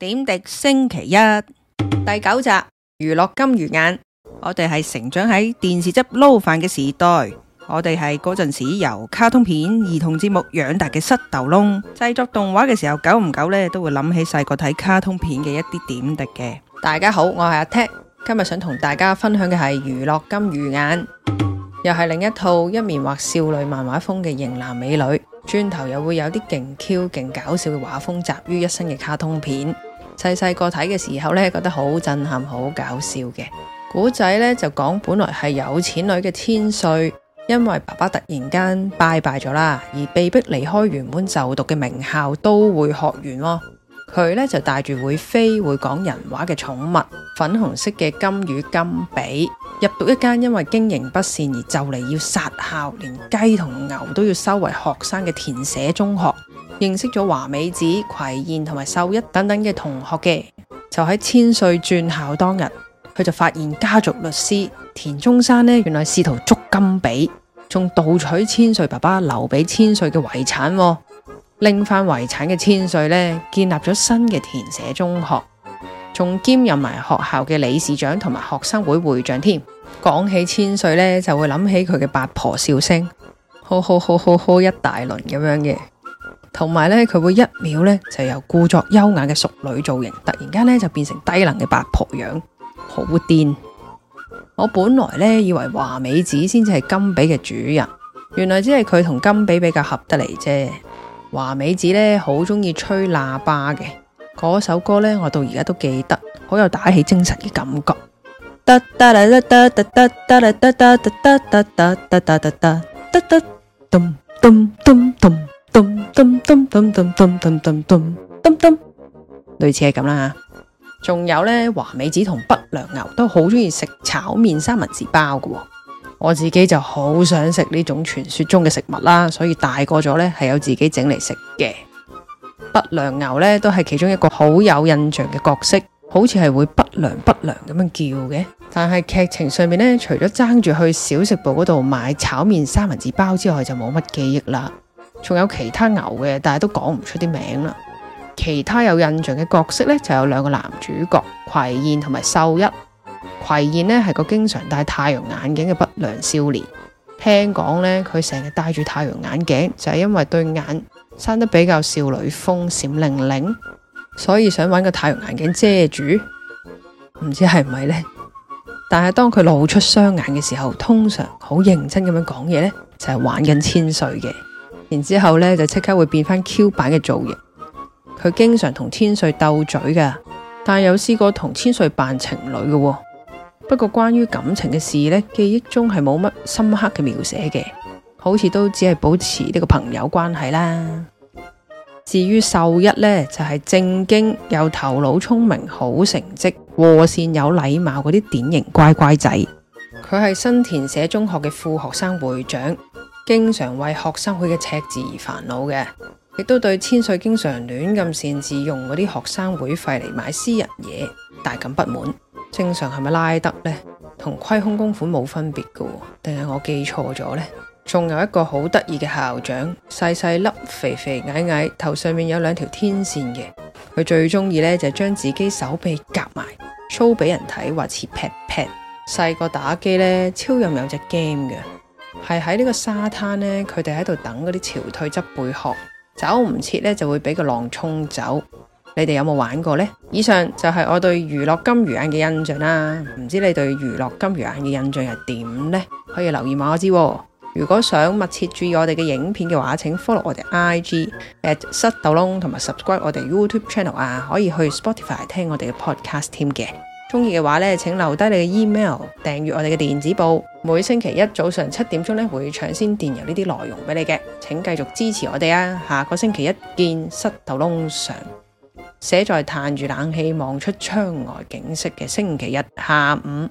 點滴星期一第九集《娛樂金魚眼》，我哋係成長喺電視汁撈飯嘅時代，我哋係嗰陣時由卡通片、兒童節目養大嘅濕頭窿。製作動畫嘅時候，久唔久呢都會諗起細個睇卡通片嘅一啲點滴嘅。大家好，我係阿踢，今日想同大家分享嘅係《娛樂金魚眼》，又係另一套一面畫少女漫畫風嘅型男美女，轉頭又會有啲勁 Q、勁搞笑嘅畫風集於一身嘅卡通片。細細個睇嘅時候咧，覺得好震撼，好搞笑嘅古仔咧，就講本來係有錢女嘅千歲，因為爸爸突然間拜拜咗啦，而被逼離開原本就讀嘅名校都會學園咯，哦。佢咧就帶住會飛、會講人話嘅寵物粉紅色嘅金魚金比，入讀一間因為經營不善而就嚟要殺校，連雞同牛都要收為學生嘅田舍中學。認識咗華美子、葵燕同埋秀一等等嘅同學嘅，就喺千歲轉校當日，佢就發現家族律師田中山呢，原來試圖捉金比，仲盜取千歲爸爸留俾千歲嘅遺產喎，拎翻遺產嘅千歲呢，建立咗新嘅田社中學，仲兼任埋學校嘅理事長同埋學生會會長添。講起千歲呢，就會諗起佢嘅八婆笑聲，呵呵呵呵呵一大輪咁樣嘅。同埋呢，佢會一秒呢就由故作優雅嘅淑女造型，突然間呢就變成低能嘅八婆樣，好癲。我本來呢以為華美子先至係金比嘅主人，原來只係佢同金比比較合得嚟啫。華美子呢好中意吹喇叭嘅嗰首歌呢，我到而家都記得，好有打起精神嘅感覺。噠噠啦噠噠噠噠噠啦噠噠噠噠噠噠噠噠噠噠噠噠咚咚咚咚。咚咚咚咚咚咚咚咚類似係咁啦。仲有呢，華美子同不良牛都好中意食炒麵三文治包㗎。我自己就好想食呢種傳說中嘅食物啦，所以大個咗呢係有自己整嚟食嘅。不良牛呢都係其中一個好有印象嘅角色，好似係會不良不良咁樣叫嘅。但係劇情上面呢，除咗爭住去小食部嗰度買炒麵三文治包之外，就冇乜記憶啦。仲有其他牛嘅，但係都講唔出啲名啦。其他有印象嘅角色呢，就有兩個男主角葵燕同埋秀一。葵燕呢，係個經常戴太陽眼鏡嘅不良少年，聽講呢，佢成日戴住太陽眼鏡就係、是、因為對眼生得比較少女風，閃靈靈，所以想搵個太陽眼鏡遮住，唔知係咪呢？但係當佢露出雙眼嘅時候，通常好認真咁樣講嘢呢，就係、是、玩緊千歲嘅。然之後咧，就即刻會變翻 Q 版嘅造型。佢經常同千歲鬥嘴㗎，但有試過同千歲扮情侶嘅、哦。不過關於感情嘅事呢，記憶中係冇乜深刻嘅描寫嘅，好似都只係保持呢個朋友關係啦。至於秀一呢，就係、是、正經、有頭腦、聰明、好成績、和善、有禮貌嗰啲典型乖乖仔。佢係新田社中學嘅副學生會長。經常為學生會嘅赤字而煩惱嘅，亦都對千歲經常亂咁擅自用嗰啲學生會費嚟買私人嘢大感不滿。正常係咪拉得呢？同虧空公款冇分別噶？定係我記錯咗呢？仲有一個好得意嘅校長，細細粒、肥肥矮矮，頭上面有兩條天線嘅。佢最中意呢，就係將自己手臂夾埋 show 俾人睇，話似劈劈。細個打機呢，超任有隻 game 嘅。係喺呢個沙灘呢，佢哋喺度等嗰啲潮退執貝殼，走唔切呢就會俾個浪沖走。你哋有冇玩過呢？以上就係我對娛樂金魚眼嘅印象啦，啊。唔知道你對娛樂金魚眼嘅印象係點呢？可以留言話我知，啊。如果想密切注意我哋嘅影片嘅話，請 follow 我哋 IG at o 斗窿，同埋 subscribe 我哋 YouTube channel 啊。可以去 Spotify 聽我哋嘅 podcast 聽嘅。中意嘅話咧，請留低你嘅 email 訂閱我哋嘅電子報，每星期一早上七點鐘咧會搶先電郵呢啲內容俾你嘅，請繼續支持我哋啊！下個星期一見，膝頭窿上，寫在嘆住冷氣望出窗外景色嘅星期一下午。